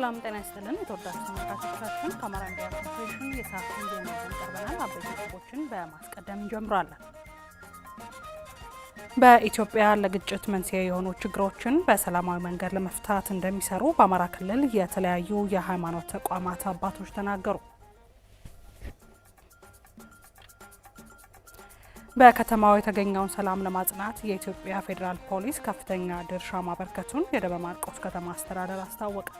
ሰላም ጤና ይስጥልን። የተወዳችሁ ተመልካቾቻችን ከአማራ ሚዲያ ኮርፖሬሽን የሰዓት ዜና ቀርበናል። አበይት ነጥቦችን በማስቀደም እንጀምራለን። በኢትዮጵያ ለግጭት መንስኤ የሆኑ ችግሮችን በሰላማዊ መንገድ ለመፍታት እንደሚሰሩ በአማራ ክልል የተለያዩ የሃይማኖት ተቋማት አባቶች ተናገሩ። በከተማው የተገኘውን ሰላም ለማጽናት የኢትዮጵያ ፌዴራል ፖሊስ ከፍተኛ ድርሻ ማበርከቱን የደብረ ማርቆስ ከተማ አስተዳደር አስታወቀ።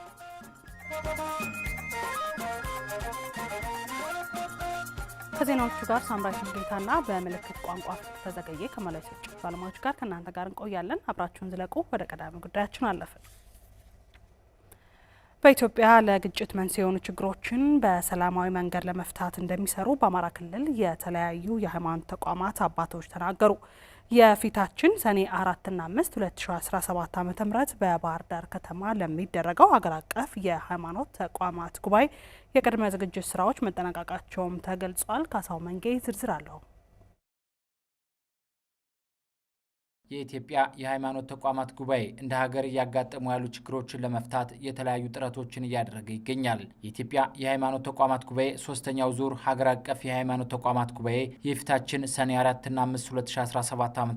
ከዜናዎቹ ጋር ሳምራይት ጌታና በምልክት ቋንቋ ተዘገየ ከመላው ባለሙያዎች ጋር ከእናንተ ጋር እንቆያለን። አብራችሁን ዝለቁ። ወደ ቀዳሚ ጉዳያችን አለፍን። በኢትዮጵያ ለግጭት መንስኤ የሆኑ ችግሮችን በሰላማዊ መንገድ ለመፍታት እንደሚሰሩ በአማራ ክልል የተለያዩ የሃይማኖት ተቋማት አባቶች ተናገሩ። የፊታችን ሰኔ አራትና አምስት 2017 ዓ ም በባህር ዳር ከተማ ለሚደረገው ሀገር አቀፍ የሃይማኖት ተቋማት ጉባኤ የቅድመ ዝግጅት ስራዎች መጠናቀቃቸውም ተገልጿል። ካሳው መንጌ ዝርዝር አለው። የኢትዮጵያ የሃይማኖት ተቋማት ጉባኤ እንደ ሀገር እያጋጠሙ ያሉ ችግሮችን ለመፍታት የተለያዩ ጥረቶችን እያደረገ ይገኛል። የኢትዮጵያ የሃይማኖት ተቋማት ጉባኤ ሶስተኛው ዙር ሀገር አቀፍ የሃይማኖት ተቋማት ጉባኤ የፊታችን ሰኔ 4ና 5 2017 ዓ ም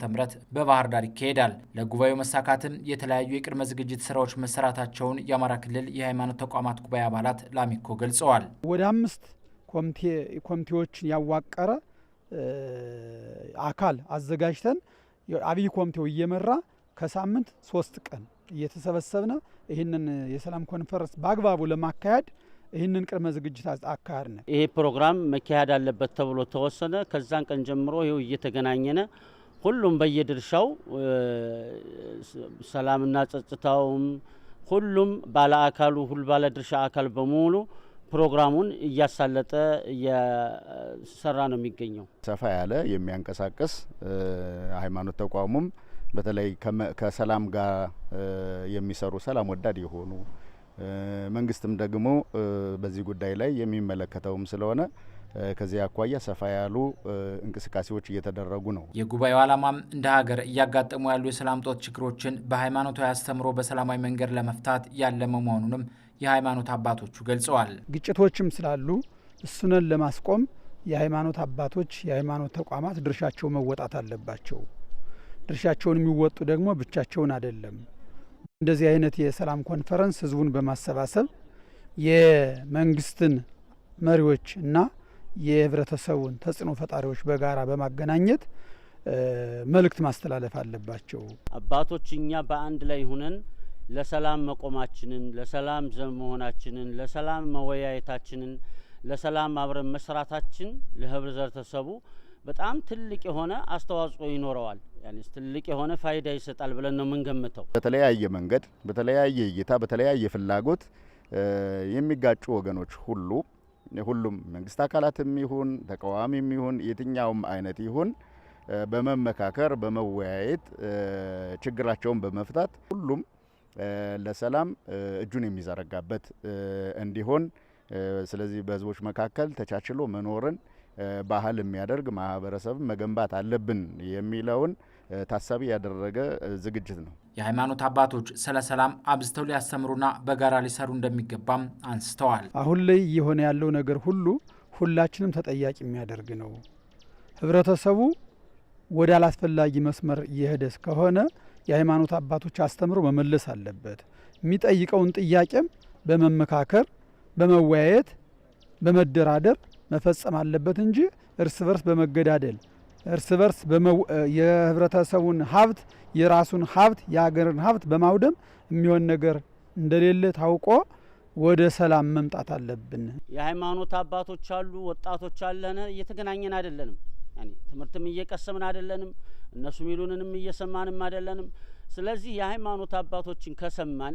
በባህር ዳር ይካሄዳል። ለጉባኤው መሳካትም የተለያዩ የቅድመ ዝግጅት ስራዎች መሰራታቸውን የአማራ ክልል የሃይማኖት ተቋማት ጉባኤ አባላት ላሚኮ ገልጸዋል። ወደ አምስት ኮሚቴዎችን ያዋቀረ አካል አዘጋጅተን አብይ ኮሚቴው እየመራ ከሳምንት ሶስት ቀን እየተሰበሰብነ ይህንን የሰላም ኮንፈረንስ በአግባቡ ለማካሄድ ይህንን ቅድመ ዝግጅት ነ ይሄ ፕሮግራም መካሄድ አለበት ተብሎ ተወሰነ። ከዛን ቀን ጀምሮ ይኸው እየተገናኘነ ሁሉም በየድርሻው ሰላምና ጸጥታውም ሁሉም ባለ አካሉ ሁሉ ባለ ድርሻ አካል በሙሉ ፕሮግራሙን እያሳለጠ እየሰራ ነው የሚገኘው። ሰፋ ያለ የሚያንቀሳቅስ ሃይማኖት ተቋሙም በተለይ ከሰላም ጋር የሚሰሩ ሰላም ወዳድ የሆኑ መንግስትም ደግሞ በዚህ ጉዳይ ላይ የሚመለከተውም ስለሆነ ከዚህ አኳያ ሰፋ ያሉ እንቅስቃሴዎች እየተደረጉ ነው። የጉባኤው ዓላማም እንደ ሀገር እያጋጠሙ ያሉ የሰላም ጦት ችግሮችን በሃይማኖታዊ አስተምሮ በሰላማዊ መንገድ ለመፍታት ያለመ መሆኑንም የሃይማኖት አባቶቹ ገልጸዋል። ግጭቶችም ስላሉ እሱንን ለማስቆም የሃይማኖት አባቶች፣ የሃይማኖት ተቋማት ድርሻቸው መወጣት አለባቸው። ድርሻቸውን የሚወጡ ደግሞ ብቻቸውን አይደለም። እንደዚህ አይነት የሰላም ኮንፈረንስ ህዝቡን በማሰባሰብ የመንግስትን መሪዎች እና የህብረተሰቡን ተጽዕኖ ፈጣሪዎች በጋራ በማገናኘት መልእክት ማስተላለፍ አለባቸው። አባቶች እኛ በአንድ ላይ ሁነን ለሰላም መቆማችንን፣ ለሰላም መሆናችንን፣ ለሰላም መወያየታችንን፣ ለሰላም አብረን መስራታችን ለህብረተሰቡ በጣም ትልቅ የሆነ አስተዋጽኦ ይኖረዋል። ትልቅ የሆነ ፋይዳ ይሰጣል ብለን ነው የምንገምተው። በተለያየ መንገድ፣ በተለያየ እይታ፣ በተለያየ ፍላጎት የሚጋጩ ወገኖች ሁሉ ሁሉም መንግስት አካላትም ይሁን ተቃዋሚም ይሁን የትኛውም አይነት ይሁን በመመካከር በመወያየት ችግራቸውን በመፍታት ሁሉም ለሰላም እጁን የሚዘረጋበት እንዲሆን ስለዚህ በህዝቦች መካከል ተቻችሎ መኖርን ባህል የሚያደርግ ማህበረሰብ መገንባት አለብን የሚለውን ታሳቢ ያደረገ ዝግጅት ነው። የሃይማኖት አባቶች ስለ ሰላም አብዝተው ሊያስተምሩና በጋራ ሊሰሩ እንደሚገባም አንስተዋል። አሁን ላይ እየሆነ ያለው ነገር ሁሉ ሁላችንም ተጠያቂ የሚያደርግ ነው። ህብረተሰቡ ወደ አላስፈላጊ መስመር እየሄደ እስከሆነ የሃይማኖት አባቶች አስተምሮ መመለስ አለበት። የሚጠይቀውን ጥያቄም በመመካከር በመወያየት በመደራደር መፈጸም አለበት እንጂ እርስ በርስ በመገዳደል እርስ በርስ የህብረተሰቡን ሀብት የራሱን ሀብት የሀገርን ሀብት በማውደም የሚሆን ነገር እንደሌለ ታውቆ ወደ ሰላም መምጣት አለብን። የሃይማኖት አባቶች አሉ፣ ወጣቶች አለን፣ እየተገናኘን አይደለንም። ትምህርትም እየቀሰምን አይደለንም፣ እነሱ ሚሉንንም እየሰማንም አይደለንም። ስለዚህ የሃይማኖት አባቶችን ከሰማን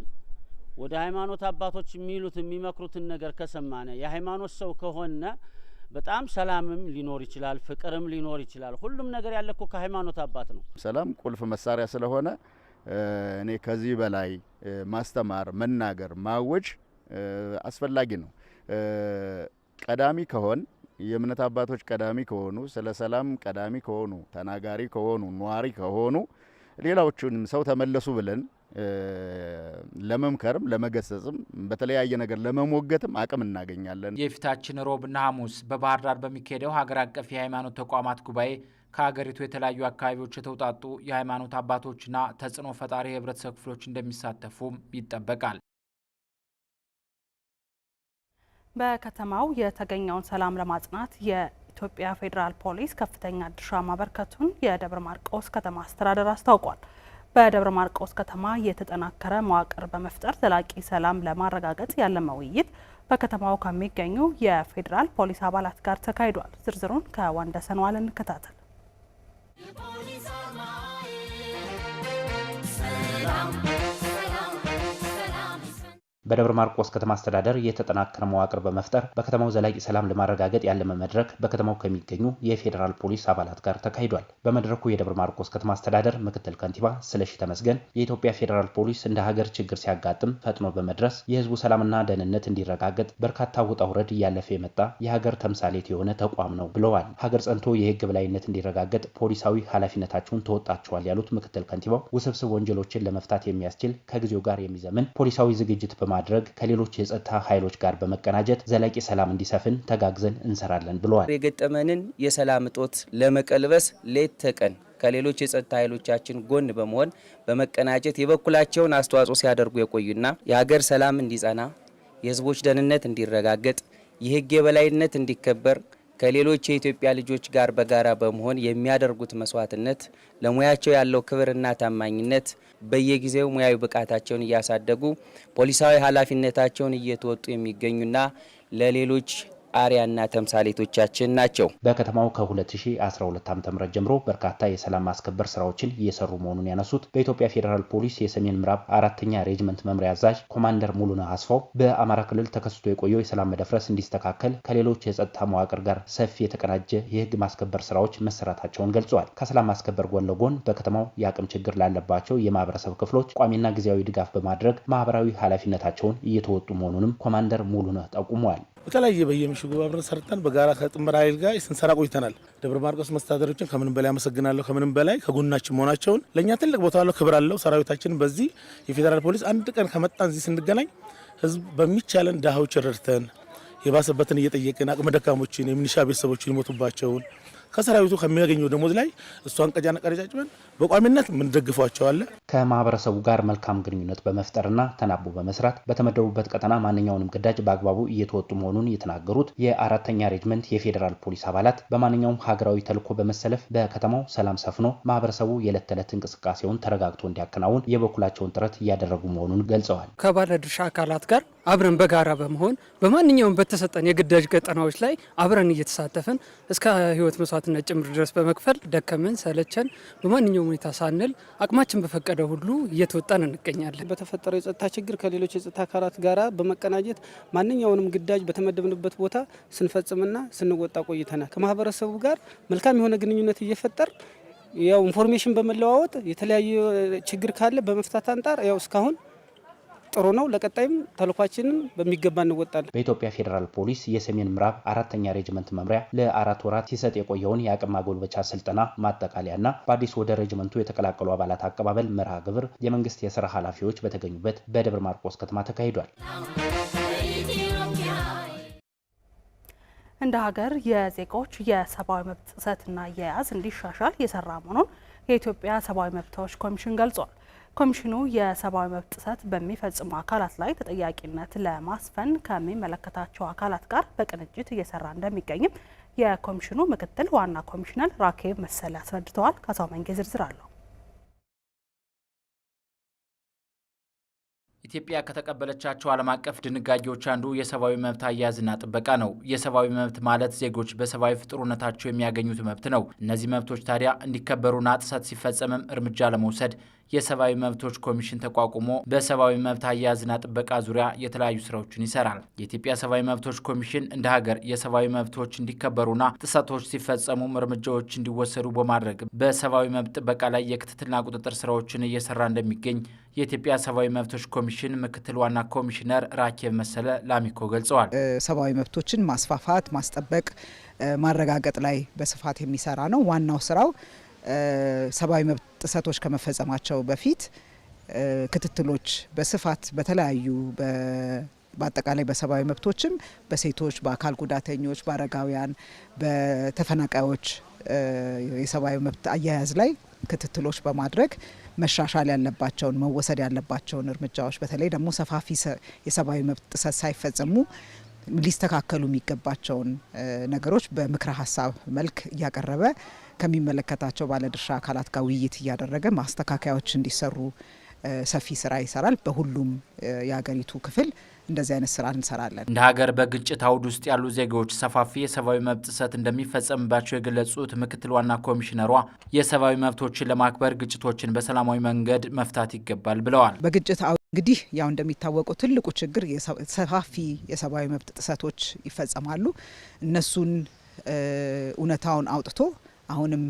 ወደ ሃይማኖት አባቶች የሚሉት የሚመክሩትን ነገር ከሰማነ የሃይማኖት ሰው ከሆነ በጣም ሰላምም ሊኖር ይችላል፣ ፍቅርም ሊኖር ይችላል። ሁሉም ነገር ያለ እኮ ከሃይማኖት አባት ነው። ሰላም ቁልፍ መሳሪያ ስለሆነ እኔ ከዚህ በላይ ማስተማር፣ መናገር፣ ማወጅ አስፈላጊ ነው። ቀዳሚ ከሆን የእምነት አባቶች ቀዳሚ ከሆኑ ስለ ሰላም ቀዳሚ ከሆኑ ተናጋሪ ከሆኑ ነዋሪ ከሆኑ ሌላዎቹንም ሰው ተመለሱ ብለን ለመምከርም ለመገሰጽም በተለያየ ነገር ለመሞገትም አቅም እናገኛለን። የፊታችን ሮብና ሐሙስ በባህር ዳር በሚካሄደው ሀገር አቀፍ የሃይማኖት ተቋማት ጉባኤ ከሀገሪቱ የተለያዩ አካባቢዎች የተውጣጡ የሃይማኖት አባቶችና ተጽዕኖ ፈጣሪ የህብረተሰብ ክፍሎች እንደሚሳተፉም ይጠበቃል። በከተማው የተገኘውን ሰላም ለማጽናት የኢትዮጵያ ፌዴራል ፖሊስ ከፍተኛ ድርሻ ማበርከቱን የደብረ ማርቆስ ከተማ አስተዳደር አስታውቋል። በደብረ ማርቆስ ከተማ የተጠናከረ መዋቅር በመፍጠር ዘላቂ ሰላም ለማረጋገጥ ያለመ ውይይት በከተማው ከሚገኙ የፌዴራል ፖሊስ አባላት ጋር ተካሂዷል። ዝርዝሩን ከዋንደሰን እንከታተል። በደብረ ማርቆስ ከተማ አስተዳደር የተጠናከረ መዋቅር በመፍጠር በከተማው ዘላቂ ሰላም ለማረጋገጥ ያለመ መድረክ በከተማው ከሚገኙ የፌዴራል ፖሊስ አባላት ጋር ተካሂዷል። በመድረኩ የደብረ ማርቆስ ከተማ አስተዳደር ምክትል ከንቲባ ስለሺ ተመስገን የኢትዮጵያ ፌዴራል ፖሊስ እንደ ሀገር ችግር ሲያጋጥም ፈጥኖ በመድረስ የህዝቡ ሰላምና ደህንነት እንዲረጋገጥ በርካታ ውጣ ውረድ እያለፈ የመጣ የሀገር ተምሳሌት የሆነ ተቋም ነው ብለዋል። ሀገር ጸንቶ የህግ በላይነት እንዲረጋገጥ ፖሊሳዊ ኃላፊነታችሁን ተወጣችኋል ያሉት ምክትል ከንቲባው ውስብስብ ወንጀሎችን ለመፍታት የሚያስችል ከጊዜው ጋር የሚዘምን ፖሊሳዊ ዝግጅት በማ በማድረግ ከሌሎች የጸጥታ ኃይሎች ጋር በመቀናጀት ዘላቂ ሰላም እንዲሰፍን ተጋግዘን እንሰራለን ብለዋል። የገጠመንን የሰላም እጦት ለመቀልበስ ሌት ተቀን ከሌሎች የጸጥታ ኃይሎቻችን ጎን በመሆን በመቀናጀት የበኩላቸውን አስተዋጽኦ ሲያደርጉ የቆዩና የሀገር ሰላም እንዲጸና፣ የህዝቦች ደህንነት እንዲረጋገጥ፣ የህግ የበላይነት እንዲከበር ከሌሎች የኢትዮጵያ ልጆች ጋር በጋራ በመሆን የሚያደርጉት መስዋዕትነት፣ ለሙያቸው ያለው ክብርና ታማኝነት፣ በየጊዜው ሙያዊ ብቃታቸውን እያሳደጉ ፖሊሳዊ ኃላፊነታቸውን እየተወጡ የሚገኙና ለሌሎች አሪያና ተምሳሌቶቻችን ናቸው። በከተማው ከ2012 ዓ.ም ጀምሮ በርካታ የሰላም ማስከበር ስራዎችን እየሰሩ መሆኑን ያነሱት በኢትዮጵያ ፌዴራል ፖሊስ የሰሜን ምዕራብ አራተኛ ሬጅመንት መምሪያ አዛዥ ኮማንደር ሙሉነ አስፋው በአማራ ክልል ተከስቶ የቆየው የሰላም መደፍረስ እንዲስተካከል ከሌሎች የጸጥታ መዋቅር ጋር ሰፊ የተቀናጀ የህግ ማስከበር ስራዎች መሰራታቸውን ገልጸዋል። ከሰላም ማስከበር ጎን ለጎን በከተማው የአቅም ችግር ላለባቸው የማህበረሰብ ክፍሎች ቋሚና ጊዜያዊ ድጋፍ በማድረግ ማህበራዊ ኃላፊነታቸውን እየተወጡ መሆኑንም ኮማንደር ሙሉነ ጠቁመዋል። በተለያየ በየምሽጉ አብረን ሰርተን በጋራ ከጥምር ኃይል ጋር ስንሰራ ቆይተናል። ደብረ ማርቆስ መስተዳደሮችን ከምንም በላይ አመሰግናለሁ። ከምንም በላይ ከጎናችን መሆናቸውን ለእኛ ትልቅ ቦታ አለው፣ ክብር አለው። ሰራዊታችን በዚህ የፌዴራል ፖሊስ አንድ ቀን ከመጣን እዚህ ስንገናኝ ህዝብ በሚቻለን ድሃዎችን ረድተን የባሰበትን እየጠየቅን አቅመ ደካሞችን የሚኒሻ ቤተሰቦችን ይሞቱባቸውን ከሰራዊቱ ከሚያገኘው ደሞዝ ላይ እሷን ቀጃና ቀረጫጭበን በቋሚነት ምንደግፏቸዋለ ከማህበረሰቡ ጋር መልካም ግንኙነት በመፍጠርና ተናቦ በመስራት በተመደቡበት ቀጠና ማንኛውንም ግዳጅ በአግባቡ እየተወጡ መሆኑን የተናገሩት የአራተኛ ሬጅመንት የፌዴራል ፖሊስ አባላት በማንኛውም ሀገራዊ ተልዕኮ በመሰለፍ በከተማው ሰላም ሰፍኖ ማህበረሰቡ የዕለት ተዕለት እንቅስቃሴውን ተረጋግቶ እንዲያከናውን የበኩላቸውን ጥረት እያደረጉ መሆኑን ገልጸዋል። ከባለድርሻ አካላት ጋር አብረን በጋራ በመሆን በማንኛውም በተሰጠን የግዳጅ ቀጠናዎች ላይ አብረን እየተሳተፍን እስከ ህይወት መስዋዕት ሰዓትና ጭምር ድረስ በመክፈል ደከመን ሰለቸን በማንኛውም ሁኔታ ሳንል አቅማችን በፈቀደ ሁሉ እየተወጣን እንገኛለን። በተፈጠረው የጸጥታ ችግር ከሌሎች የጸጥታ አካላት ጋር በመቀናጀት ማንኛውንም ግዳጅ በተመደብንበት ቦታ ስንፈጽምና ስንወጣ ቆይተናል። ከማህበረሰቡ ጋር መልካም የሆነ ግንኙነት እየፈጠር ያው ኢንፎርሜሽን በመለዋወጥ የተለያየ ችግር ካለ በመፍታት አንጻር ያው እስካሁን ጥሩ ነው። ለቀጣይም ተልኳችንም በሚገባ እንወጣለን። በኢትዮጵያ ፌዴራል ፖሊስ የሰሜን ምዕራብ አራተኛ ሬጅመንት መምሪያ ለአራት ወራት ሲሰጥ የቆየውን የአቅም ማጎልበቻ ስልጠና ማጠቃለያና በአዲስ ወደ ሬጅመንቱ የተቀላቀሉ አባላት አቀባበል መርሃ ግብር የመንግስት የስራ ኃላፊዎች በተገኙበት በደብረ ማርቆስ ከተማ ተካሂዷል። እንደ ሀገር የዜጎች የሰብአዊ መብት ጥሰትና አያያዝ እንዲሻሻል የሰራ መሆኑን የኢትዮጵያ ሰብአዊ መብቶች ኮሚሽን ገልጿል። ኮሚሽኑ የሰብአዊ መብት ጥሰት በሚፈጽሙ አካላት ላይ ተጠያቂነት ለማስፈን ከሚመለከታቸው አካላት ጋር በቅንጅት እየሰራ እንደሚገኝም የኮሚሽኑ ምክትል ዋና ኮሚሽነር ራኬብ መሰል አስረድተዋል። ካሳው መንጌ ዝርዝር አለው። ኢትዮጵያ ከተቀበለቻቸው ዓለም አቀፍ ድንጋጌዎች አንዱ የሰብአዊ መብት አያያዝና ጥበቃ ነው። የሰብአዊ መብት ማለት ዜጎች በሰብአዊ ፍጡርነታቸው የሚያገኙት መብት ነው። እነዚህ መብቶች ታዲያ እንዲከበሩና ጥሰት ሲፈጸምም እርምጃ ለመውሰድ የሰብአዊ መብቶች ኮሚሽን ተቋቁሞ በሰብአዊ መብት አያያዝና ጥበቃ ዙሪያ የተለያዩ ስራዎችን ይሰራል። የኢትዮጵያ ሰብአዊ መብቶች ኮሚሽን እንደ ሀገር የሰብአዊ መብቶች እንዲከበሩና ጥሰቶች ሲፈጸሙም እርምጃዎች እንዲወሰዱ በማድረግ በሰብአዊ መብት ጥበቃ ላይ የክትትልና ቁጥጥር ስራዎችን እየሰራ እንደሚገኝ የኢትዮጵያ ሰብአዊ መብቶች ኮሚሽን ምክትል ዋና ኮሚሽነር ራኬብ መሰለ ላሚኮ ገልጸዋል። ሰብአዊ መብቶችን ማስፋፋት፣ ማስጠበቅ፣ ማረጋገጥ ላይ በስፋት የሚሰራ ነው ዋናው ስራው። ሰብአዊ መብት ጥሰቶች ከመፈጸማቸው በፊት ክትትሎች በስፋት በተለያዩ በአጠቃላይ በሰብአዊ መብቶችም በሴቶች፣ በአካል ጉዳተኞች፣ በአረጋውያን፣ በተፈናቃዮች የሰብአዊ መብት አያያዝ ላይ ክትትሎች በማድረግ መሻሻል ያለባቸውን መወሰድ ያለባቸውን እርምጃዎች በተለይ ደግሞ ሰፋፊ የሰብአዊ መብት ጥሰት ሳይፈጽሙ ሊስተካከሉ የሚገባቸውን ነገሮች በምክረ ሀሳብ መልክ እያቀረበ ከሚመለከታቸው ባለድርሻ አካላት ጋር ውይይት እያደረገ ማስተካከያዎች እንዲሰሩ ሰፊ ስራ ይሰራል። በሁሉም የሀገሪቱ ክፍል እንደዚህ አይነት ስራ እንሰራለን። እንደ ሀገር በግጭት አውድ ውስጥ ያሉ ዜጋዎች ሰፋፊ የሰብአዊ መብት ጥሰት እንደሚፈጸምባቸው የገለጹት ምክትል ዋና ኮሚሽነሯ የሰብአዊ መብቶችን ለማክበር ግጭቶችን በሰላማዊ መንገድ መፍታት ይገባል ብለዋል። በግጭት አውድ እንግዲህ ያው እንደሚታወቀው ትልቁ ችግር ሰፋፊ የሰብአዊ መብት ጥሰቶች ይፈጸማሉ። እነሱን እውነታውን አውጥቶ አሁንም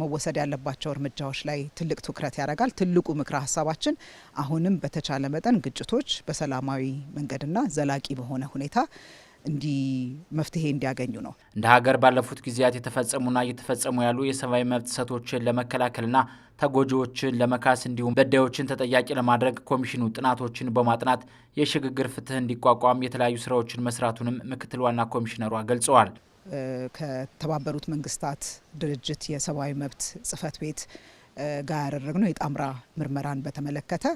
መወሰድ ያለባቸው እርምጃዎች ላይ ትልቅ ትኩረት ያደርጋል። ትልቁ ምክረ ሀሳባችን አሁንም በተቻለ መጠን ግጭቶች በሰላማዊ መንገድና ዘላቂ በሆነ ሁኔታ እንዲ መፍትሄ እንዲያገኙ ነው። እንደ ሀገር ባለፉት ጊዜያት የተፈጸሙና እየተፈጸሙ ያሉ የሰብአዊ መብት ጥሰቶችን ለመከላከልና ተጎጂዎችን ለመካስ እንዲሁም በዳዮችን ተጠያቂ ለማድረግ ኮሚሽኑ ጥናቶችን በማጥናት የሽግግር ፍትህ እንዲቋቋም የተለያዩ ስራዎችን መስራቱንም ምክትል ዋና ኮሚሽነሯ ገልጸዋል። ከተባበሩት መንግስታት ድርጅት የሰብአዊ መብት ጽህፈት ቤት ጋር ያደረግነው የጣምራ ምርመራን በተመለከተ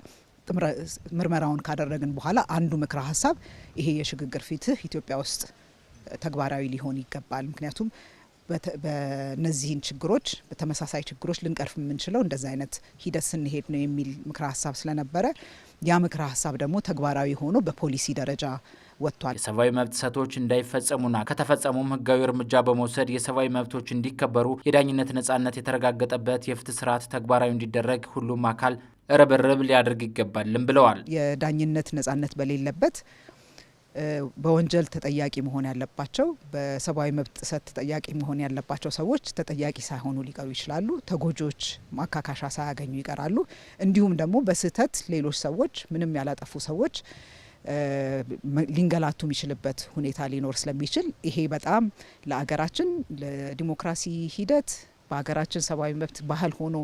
ምርመራውን ካደረግን በኋላ አንዱ ምክረ ሀሳብ ይሄ የሽግግር ፍትህ ኢትዮጵያ ውስጥ ተግባራዊ ሊሆን ይገባል። ምክንያቱም በነዚህን ችግሮች በተመሳሳይ ችግሮች ልንቀርፍ የምንችለው እንደዚ አይነት ሂደት ስንሄድ ነው የሚል ምክረ ሀሳብ ስለነበረ ያ ምክረ ሀሳብ ደግሞ ተግባራዊ ሆኖ በፖሊሲ ደረጃ ወጥቷል። የሰብአዊ መብት ጥሰቶች እንዳይፈጸሙና ከተፈጸሙም ህጋዊ እርምጃ በመውሰድ የሰብአዊ መብቶች እንዲከበሩ የዳኝነት ነጻነት የተረጋገጠበት የፍትህ ስርዓት ተግባራዊ እንዲደረግ ሁሉም አካል ርብርብ ሊያደርግ ይገባልም ብለዋል። የዳኝነት ነጻነት በሌለበት በወንጀል ተጠያቂ መሆን ያለባቸው በሰብአዊ መብት ጥሰት ተጠያቂ መሆን ያለባቸው ሰዎች ተጠያቂ ሳይሆኑ ሊቀሩ ይችላሉ። ተጎጂዎች ማካካሻ ሳያገኙ ይቀራሉ። እንዲሁም ደግሞ በስህተት ሌሎች ሰዎች ምንም ያላጠፉ ሰዎች ሊንገላቱ የሚችልበት ሁኔታ ሊኖር ስለሚችል ይሄ በጣም ለአገራችን ለዲሞክራሲ ሂደት በሀገራችን ሰብአዊ መብት ባህል ሆኖ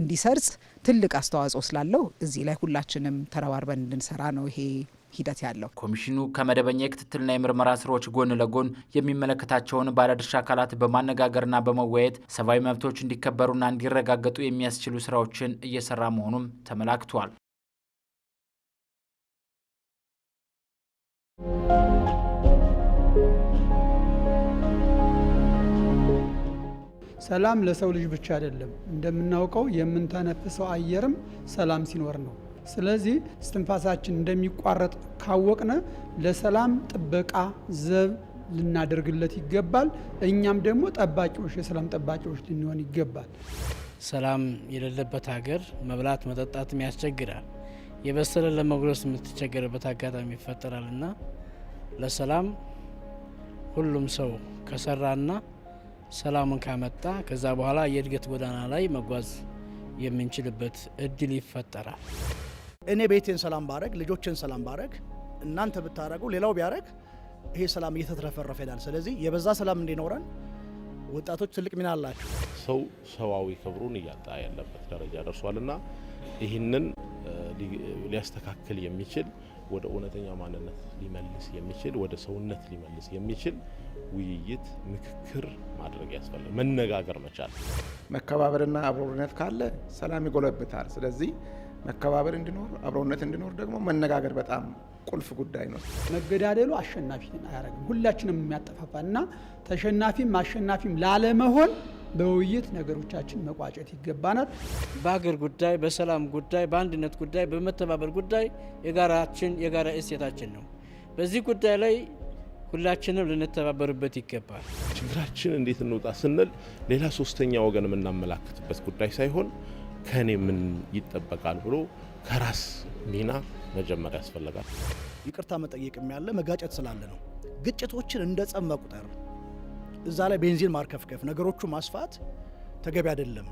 እንዲሰርጽ ትልቅ አስተዋጽኦ ስላለው እዚህ ላይ ሁላችንም ተረባርበን እንድንሰራ ነው ይሄ ሂደት ያለው። ኮሚሽኑ ከመደበኛ የክትትልና የምርመራ ስራዎች ጎን ለጎን የሚመለከታቸውን ባለድርሻ አካላት በማነጋገርና በመወያየት ሰብአዊ መብቶች እንዲከበሩና እንዲረጋገጡ የሚያስችሉ ስራዎችን እየሰራ መሆኑም ተመላክቷል። ሰላም ለሰው ልጅ ብቻ አይደለም። እንደምናውቀው የምንተነፍሰው አየርም ሰላም ሲኖር ነው። ስለዚህ እስትንፋሳችን እንደሚቋረጥ ካወቅነ ለሰላም ጥበቃ ዘብ ልናደርግለት ይገባል። እኛም ደግሞ ጠባቂዎች፣ የሰላም ጠባቂዎች ልንሆን ይገባል። ሰላም የሌለበት ሀገር መብላት መጠጣትም ያስቸግራል። የበሰለ ለመጉረስ የምትቸገርበት አጋጣሚ ይፈጠራል እና ለሰላም ሁሉም ሰው ከሰራና ሰላምን ካመጣ ከዛ በኋላ የእድገት ጎዳና ላይ መጓዝ የምንችልበት እድል ይፈጠራል። እኔ ቤቴን ሰላም ባረግ፣ ልጆችን ሰላም ባረግ፣ እናንተ ብታረጉ፣ ሌላው ቢያረግ ይሄ ሰላም እየተትረፈረፈ ይሄዳል። ስለዚህ የበዛ ሰላም እንዲኖረን ወጣቶች ትልቅ ሚና አላቸው። ሰው ሰዋዊ ክብሩን እያጣ ያለበት ደረጃ ደርሷልና ይህንን ሊያስተካክል የሚችል ወደ እውነተኛ ማንነት ሊመልስ የሚችል ወደ ሰውነት ሊመልስ የሚችል ውይይት፣ ምክክር ማድረግ ያስፈልጋል። መነጋገር መቻል፣ መከባበርና አብሮነት ካለ ሰላም ይጎለብታል። ስለዚህ መከባበር እንዲኖር አብሮነት እንዲኖር ደግሞ መነጋገር በጣም ቁልፍ ጉዳይ ነው። መገዳደሉ አሸናፊን አያደርግም፣ ሁላችንም የሚያጠፋፋ እና ተሸናፊም አሸናፊም ላለመሆን በውይይት ነገሮቻችን መቋጨት ይገባናል። በሀገር ጉዳይ፣ በሰላም ጉዳይ፣ በአንድነት ጉዳይ፣ በመተባበር ጉዳይ የጋራችን የጋራ እሴታችን ነው። በዚህ ጉዳይ ላይ ሁላችንም ልንተባበርበት ይገባል። ችግራችን እንዴት እንውጣ ስንል ሌላ ሶስተኛ ወገን የምናመላክትበት ጉዳይ ሳይሆን ከእኔ ምን ይጠበቃል ብሎ ከራስ ሚና መጀመር ያስፈልጋል። ይቅርታ መጠየቅ ያለ መጋጨት ስላለ ነው። ግጭቶችን እንደ ጸብ መቁጠር እዛ ላይ ቤንዚን ማርከፍከፍ፣ ነገሮቹ ማስፋት ተገቢ አይደለም።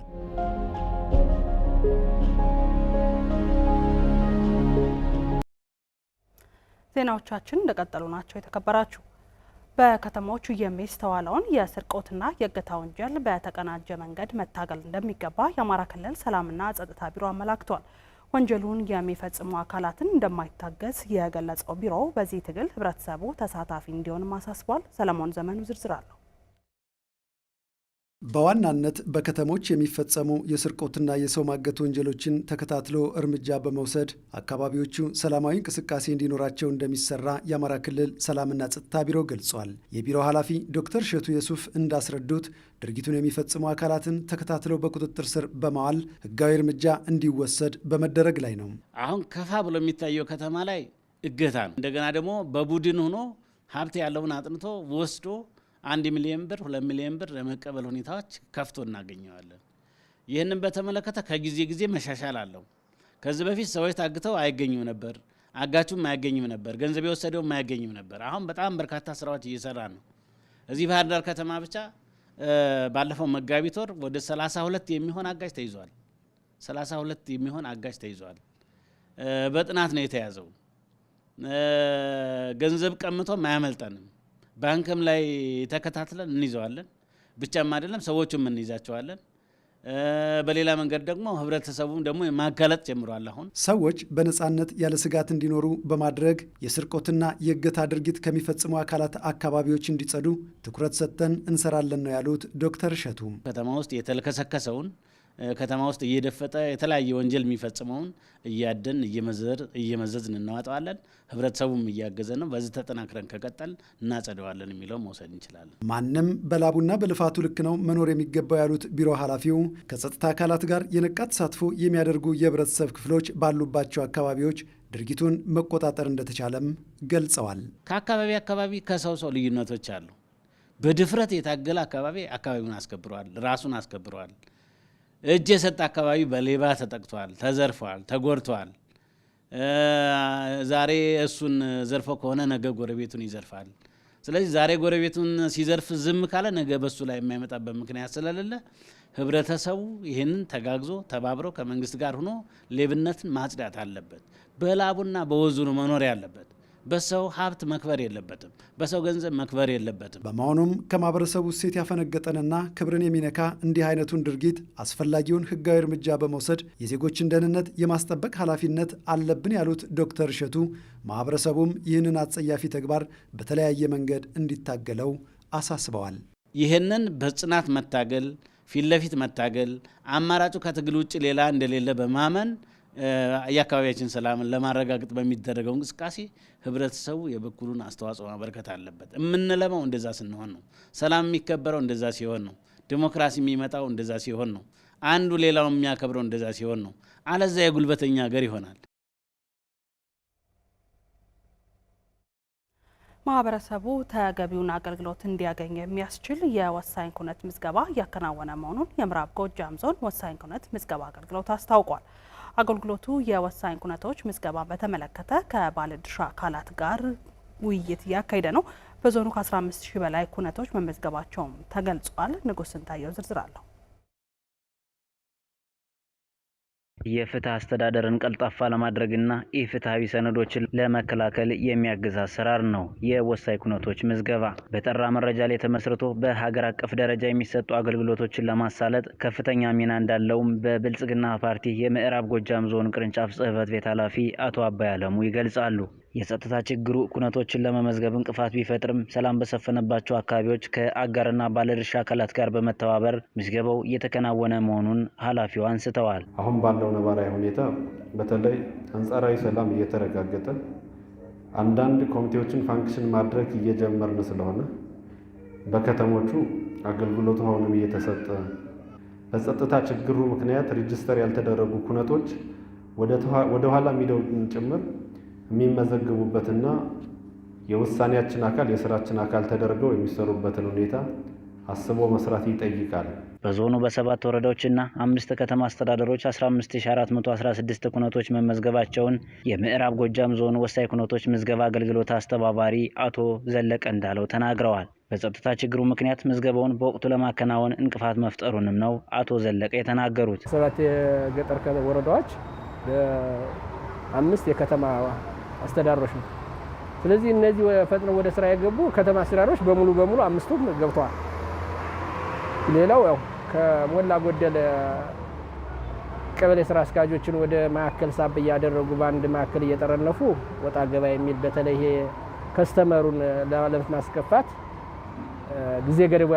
ዜናዎቻችን እንደቀጠሉ ናቸው። የተከበራችሁ በከተሞቹ የሚስተዋለውን የስርቆትና የእገታ ወንጀል በተቀናጀ መንገድ መታገል እንደሚገባ የአማራ ክልል ሰላምና ጸጥታ ቢሮ አመላክቷል። ወንጀሉን የሚፈጽሙ አካላትን እንደማይታገስ የገለጸው ቢሮው በዚህ ትግል ህብረተሰቡ ተሳታፊ እንዲሆንም አሳስቧል። ሰለሞን ዘመኑ ዝርዝር አለው። በዋናነት በከተሞች የሚፈጸሙ የስርቆትና የሰው ማገት ወንጀሎችን ተከታትሎ እርምጃ በመውሰድ አካባቢዎቹ ሰላማዊ እንቅስቃሴ እንዲኖራቸው እንደሚሰራ የአማራ ክልል ሰላምና ጸጥታ ቢሮ ገልጿል። የቢሮ ኃላፊ ዶክተር ሸቱ የሱፍ እንዳስረዱት ድርጊቱን የሚፈጽሙ አካላትን ተከታትለው በቁጥጥር ስር በማዋል ህጋዊ እርምጃ እንዲወሰድ በመደረግ ላይ ነው። አሁን ከፋ ብሎ የሚታየው ከተማ ላይ እገታ ነው። እንደገና ደግሞ በቡድን ሆኖ ሀብት ያለውን አጥንቶ ወስዶ አንድ ሚሊዮን ብር ሁለት ሚሊዮን ብር ለመቀበል ሁኔታዎች ከፍቶ እናገኘዋለን። ይህንን በተመለከተ ከጊዜ ጊዜ መሻሻል አለው። ከዚህ በፊት ሰዎች ታግተው አይገኙም ነበር፣ አጋቹም አያገኝም ነበር፣ ገንዘብ የወሰደውም አያገኝም ነበር። አሁን በጣም በርካታ ስራዎች እየሰራ ነው። እዚህ ባህር ዳር ከተማ ብቻ ባለፈው መጋቢት ወር ወደ 32 የሚሆን አጋች ተይዟል። 32 የሚሆን አጋች ተይዟል። በጥናት ነው የተያዘው። ገንዘብ ቀምቶም አያመልጠንም። ባንክም ላይ ተከታትለን እንይዘዋለን። ብቻም አይደለም ሰዎቹም እንይዛቸዋለን። በሌላ መንገድ ደግሞ ህብረተሰቡም ደግሞ ማጋለጥ ጀምሯል። አሁን ሰዎች በነፃነት ያለ ስጋት እንዲኖሩ በማድረግ የስርቆትና የእገታ ድርጊት ከሚፈጽሙ አካላት አካባቢዎች እንዲጸዱ ትኩረት ሰጥተን እንሰራለን ነው ያሉት ዶክተር እሸቱም ከተማ ውስጥ የተልከሰከሰውን ከተማ ውስጥ እየደፈጠ የተለያየ ወንጀል የሚፈጽመውን እያደን እየመዘዝን እናዋጠዋለን። ህብረተሰቡም እያገዘ ነው። በዚህ ተጠናክረን ከቀጠል እናጸደዋለን የሚለው መውሰድ እንችላለን። ማንም በላቡና በልፋቱ ልክ ነው መኖር የሚገባው ያሉት ቢሮ ኃላፊው ከጸጥታ አካላት ጋር የነቃ ተሳትፎ የሚያደርጉ የህብረተሰብ ክፍሎች ባሉባቸው አካባቢዎች ድርጊቱን መቆጣጠር እንደተቻለም ገልጸዋል። ከአካባቢ አካባቢ ከሰው ሰው ልዩነቶች አሉ። በድፍረት የታገለ አካባቢ አካባቢውን አስከብረዋል፣ ራሱን አስከብረዋል። እጅ የሰጠ አካባቢ በሌባ ተጠቅቷል፣ ተዘርፏል፣ ተጎድቷል። ዛሬ እሱን ዘርፎ ከሆነ ነገ ጎረቤቱን ይዘርፋል። ስለዚህ ዛሬ ጎረቤቱን ሲዘርፍ ዝም ካለ ነገ በሱ ላይ የማይመጣበት ምክንያት ስለሌለ ህብረተሰቡ ይህንን ተጋግዞ ተባብሮ ከመንግስት ጋር ሆኖ ሌብነትን ማጽዳት አለበት። በላቡና በወዙ መኖር ያለበት በሰው ሀብት መክበር የለበትም፣ በሰው ገንዘብ መክበር የለበትም። በመሆኑም ከማህበረሰቡ እሴት ያፈነገጠንና ክብርን የሚነካ እንዲህ አይነቱን ድርጊት አስፈላጊውን ሕጋዊ እርምጃ በመውሰድ የዜጎችን ደህንነት የማስጠበቅ ኃላፊነት አለብን ያሉት ዶክተር እሸቱ ማህበረሰቡም ይህንን አጸያፊ ተግባር በተለያየ መንገድ እንዲታገለው አሳስበዋል። ይህንን በጽናት መታገል፣ ፊት ለፊት መታገል፣ አማራጩ ከትግል ውጭ ሌላ እንደሌለ በማመን የአካባቢያችን ሰላምን ለማረጋገጥ በሚደረገው እንቅስቃሴ ህብረተሰቡ የበኩሉን አስተዋጽኦ ማበርከት አለበት። የምንለማው እንደዛ ስንሆን ነው። ሰላም የሚከበረው እንደዛ ሲሆን ነው። ዲሞክራሲ የሚመጣው እንደዛ ሲሆን ነው። አንዱ ሌላው የሚያከብረው እንደዛ ሲሆን ነው። አለዛ የጉልበተኛ ሀገር ይሆናል። ማህበረሰቡ ተገቢውን አገልግሎት እንዲያገኝ የሚያስችል የወሳኝ ኩነት ምዝገባ እያከናወነ መሆኑን የምዕራብ ጎጃም ዞን ወሳኝ ኩነት ምዝገባ አገልግሎት አስታውቋል። አገልግሎቱ የወሳኝ ኩነቶች ምዝገባ በተመለከተ ከባለድርሻ አካላት ጋር ውይይት እያካሄደ ነው። በዞኑ ከ15 ሺህ በላይ ኩነቶች መመዝገባቸውም ተገልጿል። ንጉስ ስንታየው ዝርዝር አለሁ የፍትህ አስተዳደርን ቀልጣፋ ለማድረግና ኢፍትሐዊ ሰነዶችን ለመከላከል የሚያግዝ አሰራር ነው። የወሳኝ ኩነቶች ምዝገባ በጠራ መረጃ ላይ ተመስርቶ በሀገር አቀፍ ደረጃ የሚሰጡ አገልግሎቶችን ለማሳለጥ ከፍተኛ ሚና እንዳለውም በብልጽግና ፓርቲ የምዕራብ ጎጃም ዞን ቅርንጫፍ ጽህፈት ቤት ኃላፊ አቶ አባይ አለሙ ይገልጻሉ። የጸጥታ ችግሩ ኩነቶችን ለመመዝገብ እንቅፋት ቢፈጥርም ሰላም በሰፈነባቸው አካባቢዎች ከአጋርና ባለድርሻ አካላት ጋር በመተባበር ምዝገባው እየተከናወነ መሆኑን ኃላፊው አንስተዋል። አሁን ባለው ነባራዊ ሁኔታ በተለይ አንጻራዊ ሰላም እየተረጋገጠ አንዳንድ ኮሚቴዎችን ፋንክሽን ማድረግ እየጀመርን ስለሆነ በከተሞቹ አገልግሎቱ አሁንም እየተሰጠ በጸጥታ ችግሩ ምክንያት ሪጅስተር ያልተደረጉ ኩነቶች ወደኋላ የሚደውን ጭምር የሚመዘግቡበትና የውሳኔያችን አካል የስራችን አካል ተደርገው የሚሰሩበትን ሁኔታ አስቦ መስራት ይጠይቃል። በዞኑ በሰባት ወረዳዎችና አምስት ከተማ አስተዳደሮች 15416 ኩነቶች መመዝገባቸውን የምዕራብ ጎጃም ዞን ወሳኝ ኩነቶች ምዝገባ አገልግሎት አስተባባሪ አቶ ዘለቀ እንዳለው ተናግረዋል። በጸጥታ ችግሩ ምክንያት ምዝገባውን በወቅቱ ለማከናወን እንቅፋት መፍጠሩንም ነው አቶ ዘለቀ የተናገሩት። ሰባት የገጠር ወረዳዎች፣ አምስት የከተማ አስተዳድሮች ነው። ስለዚህ እነዚህ ፈጥነው ወደ ስራ የገቡ ከተማ አስተዳድሮች በሙሉ በሙሉ አምስቱም ገብተዋል። ሌላው ያው ከሞላ ጎደል ቀበሌ ስራ አስኪያጆችን ወደ ማዕከል ሳብ እያደረጉ በአንድ ማዕከል እየጠረነፉ ወጣ ገባ የሚል በተለይ ከስተመሩን ማስከፋት። ጊዜ ገደቡ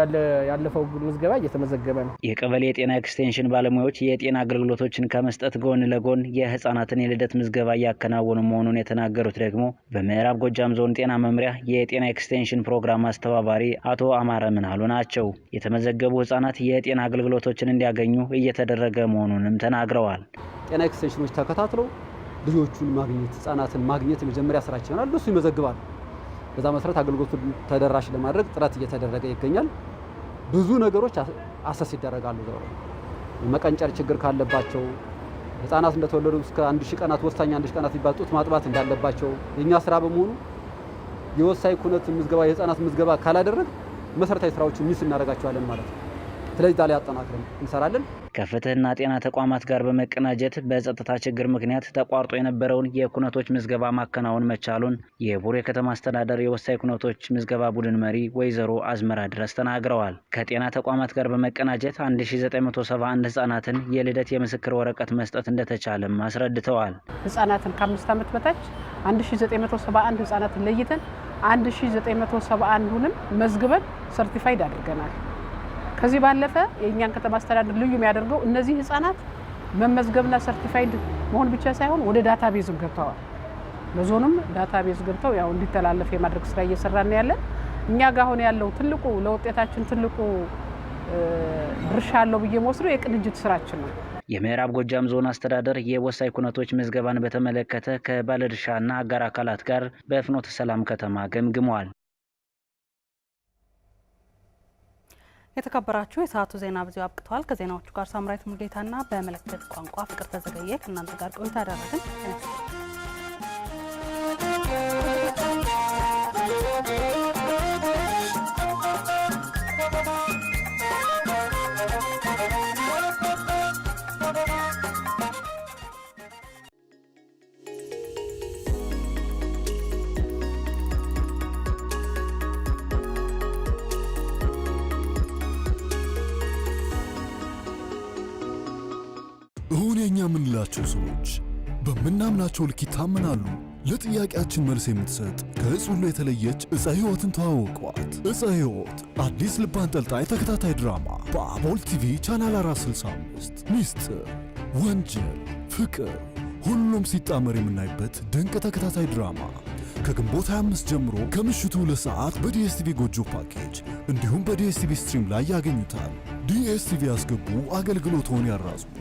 ያለፈው ምዝገባ እየተመዘገበ ነው። የቀበሌ የጤና ኤክስቴንሽን ባለሙያዎች የጤና አገልግሎቶችን ከመስጠት ጎን ለጎን የህፃናትን የልደት ምዝገባ እያከናወኑ መሆኑን የተናገሩት ደግሞ በምዕራብ ጎጃም ዞን ጤና መምሪያ የጤና ኤክስቴንሽን ፕሮግራም አስተባባሪ አቶ አማረ ምናሉ ናቸው። የተመዘገቡ ህጻናት የጤና አገልግሎቶችን እንዲያገኙ እየተደረገ መሆኑንም ተናግረዋል። ጤና ኤክስቴንሽኖች ተከታትለው ልጆቹን ማግኘት ህጻናትን ማግኘት የመጀመሪያ ስራቸው ይሆናል። እሱ ይመዘግባል በዛ መሰረት አገልግሎቱ ተደራሽ ለማድረግ ጥረት እየተደረገ ይገኛል። ብዙ ነገሮች አሰስ ይደረጋሉ። መቀንጨር ችግር ካለባቸው ህጻናት እንደተወለዱ እስከ አንድ ሺህ ቀናት ወሳኝ አንድ ሺህ ቀናት የሚባል ጡት ማጥባት እንዳለባቸው የእኛ ስራ በመሆኑ የወሳኝ ኩነት ምዝገባ የህፃናት ምዝገባ ካላደረግ መሰረታዊ ስራዎች ሚስ እናደርጋቸዋለን ማለት ነው። ስለዚህ ዛሬ አጠናክረን እንሰራለን። ከፍትህና ጤና ተቋማት ጋር በመቀናጀት በጸጥታ ችግር ምክንያት ተቋርጦ የነበረውን የኩነቶች ምዝገባ ማከናወን መቻሉን የቡሬ ከተማ አስተዳደር የወሳኝ ኩነቶች ምዝገባ ቡድን መሪ ወይዘሮ አዝመራ ድረስ ተናግረዋል። ከጤና ተቋማት ጋር በመቀናጀት 1971 ህጻናትን የልደት የምስክር ወረቀት መስጠት እንደተቻለም አስረድተዋል። ህጻናትን ከአምስት ዓመት በታች 1971 ህጻናትን ለይተን 1971ንም መዝግበን ሰርቲፋይድ አድርገናል። ከዚህ ባለፈ የእኛን ከተማ አስተዳደር ልዩ የሚያደርገው እነዚህ ህጻናት መመዝገብና ሰርቲፋይድ መሆን ብቻ ሳይሆን ወደ ዳታ ቤዝም ገብተዋል። በዞኑም ዳታ ቤዝ ገብተው ያው እንዲተላለፍ የማድረግ ስራ እየሰራን ያለን እኛ ጋር አሁን ያለው ትልቁ ለውጤታችን ትልቁ ድርሻ አለው ብዬ መወስዶ የቅንጅት ስራችን ነው። የምዕራብ ጎጃም ዞን አስተዳደር የወሳኝ ኩነቶች ምዝገባን በተመለከተ ከባለድርሻና አጋር አካላት ጋር በፍኖተ ሰላም ከተማ ገምግመዋል። የተከበራችሁ የሰዓቱ ዜና በዚሁ አብቅተዋል። ከዜናዎቹ ጋር ሳምራዊት ሙልጌታና በምልክት ቋንቋ ፍቅር ተዘገየ ከእናንተ ጋር ቆይታ አደረግን። እኛ የምንላቸው ሰዎች በምናምናቸው ልክ ይታመናሉ። ለጥያቄያችን መልስ የምትሰጥ ከእጽ ሁሉ የተለየች ዕፀ ሕይወትን ተዋወቋት። ዕፀ ሕይወት አዲስ ልብ አንጠልጣይ ተከታታይ ድራማ በአቦል ቲቪ ቻናል 465 ሚስጥር፣ ወንጀል፣ ፍቅር ሁሉም ሲጣመር የምናይበት ድንቅ ተከታታይ ድራማ ከግንቦት 25 ጀምሮ ከምሽቱ ለሰዓት በዲኤስቲቪ ጎጆ ፓኬጅ እንዲሁም በዲኤስቲቪ ስትሪም ላይ ያገኙታል። ዲኤስቲቪ ያስገቡ አገልግሎትዎን ያራዝሙ።